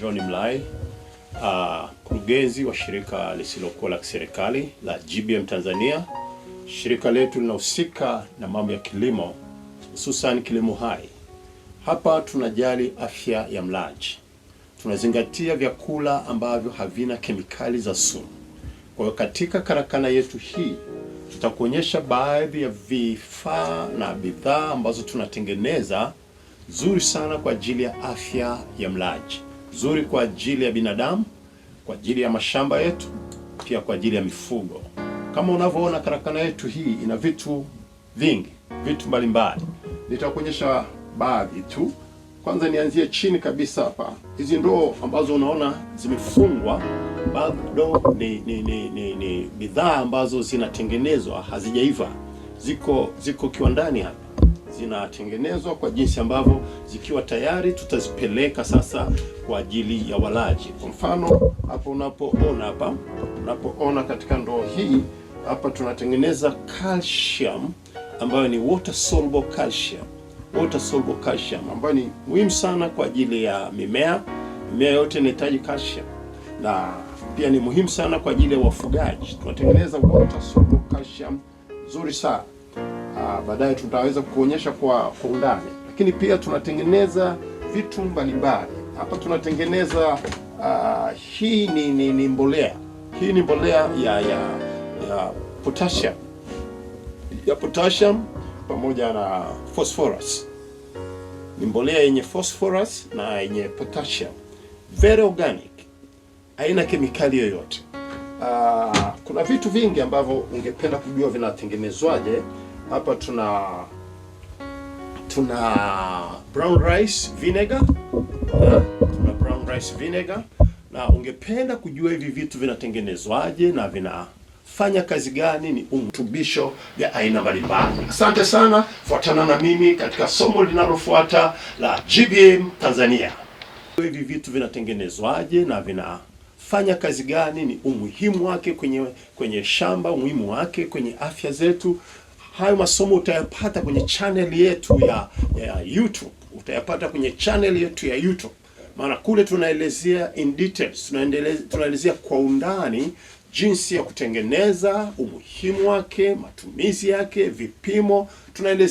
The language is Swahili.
John Mlai, mkurugenzi uh, wa shirika lisilokuwa la kiserikali la GBM Tanzania. Shirika letu linahusika na mambo ya kilimo, hususan kilimo hai. Hapa tunajali afya ya mlaji, tunazingatia vyakula ambavyo havina kemikali za sumu. Kwa hiyo katika karakana yetu hii tutakuonyesha baadhi ya vifaa na bidhaa ambazo tunatengeneza nzuri sana kwa ajili ya afya ya mlaji zuri kwa ajili ya binadamu, kwa ajili ya mashamba yetu, pia kwa ajili ya mifugo. Kama unavyoona karakana yetu hii ina vitu vingi, vitu mbalimbali. Nitakuonyesha baadhi tu. Kwanza nianzie chini kabisa hapa. Hizi ndoo ambazo unaona zimefungwa bado ni, ni, ni, ni, ni bidhaa ambazo zinatengenezwa hazijaiva, ziko ziko kiwandani hapa zinatengenezwa kwa jinsi ambavyo zikiwa tayari tutazipeleka sasa kwa ajili ya walaji. Kwa mfano hapo unapoona hapa, unapoona katika ndoo hii hapa tunatengeneza calcium ambayo ni water soluble calcium, water soluble calcium ambayo ni muhimu sana kwa ajili ya mimea. Mimea yote inahitaji calcium na pia ni muhimu sana kwa ajili ya wafugaji. Tunatengeneza water soluble calcium nzuri sana. Ah, baadaye tutaweza kuonyesha kwa, undani. Lakini pia tunatengeneza vitu mbalimbali hapa. Tunatengeneza uh, hii ni, ni, ni mbolea hii ni mbolea ya ya ya potassium ya potassium pamoja na phosphorus. Ni mbolea yenye phosphorus na yenye potassium, very organic, haina kemikali yoyote. Uh, kuna vitu vingi ambavyo ungependa kujua vinatengenezwaje. Hapa tuna tuna brown rice vinegar na, tuna brown rice vinegar na ungependa kujua hivi vitu vinatengenezwaje na vinafanya kazi gani, ni virutubisho vya aina mbalimbali. Asante sana, fuatana na mimi katika somo linalofuata la GBM Tanzania. Hivi vitu vinatengenezwaje na vina fanya kazi gani, ni umuhimu wake kwenye kwenye shamba, umuhimu wake kwenye afya zetu hayo masomo utayapata kwenye channel yetu ya, ya YouTube, utayapata kwenye channel yetu ya YouTube, maana kule tunaelezea in details, tunaelezea kwa undani jinsi ya kutengeneza, umuhimu wake, matumizi yake, vipimo tunaelezea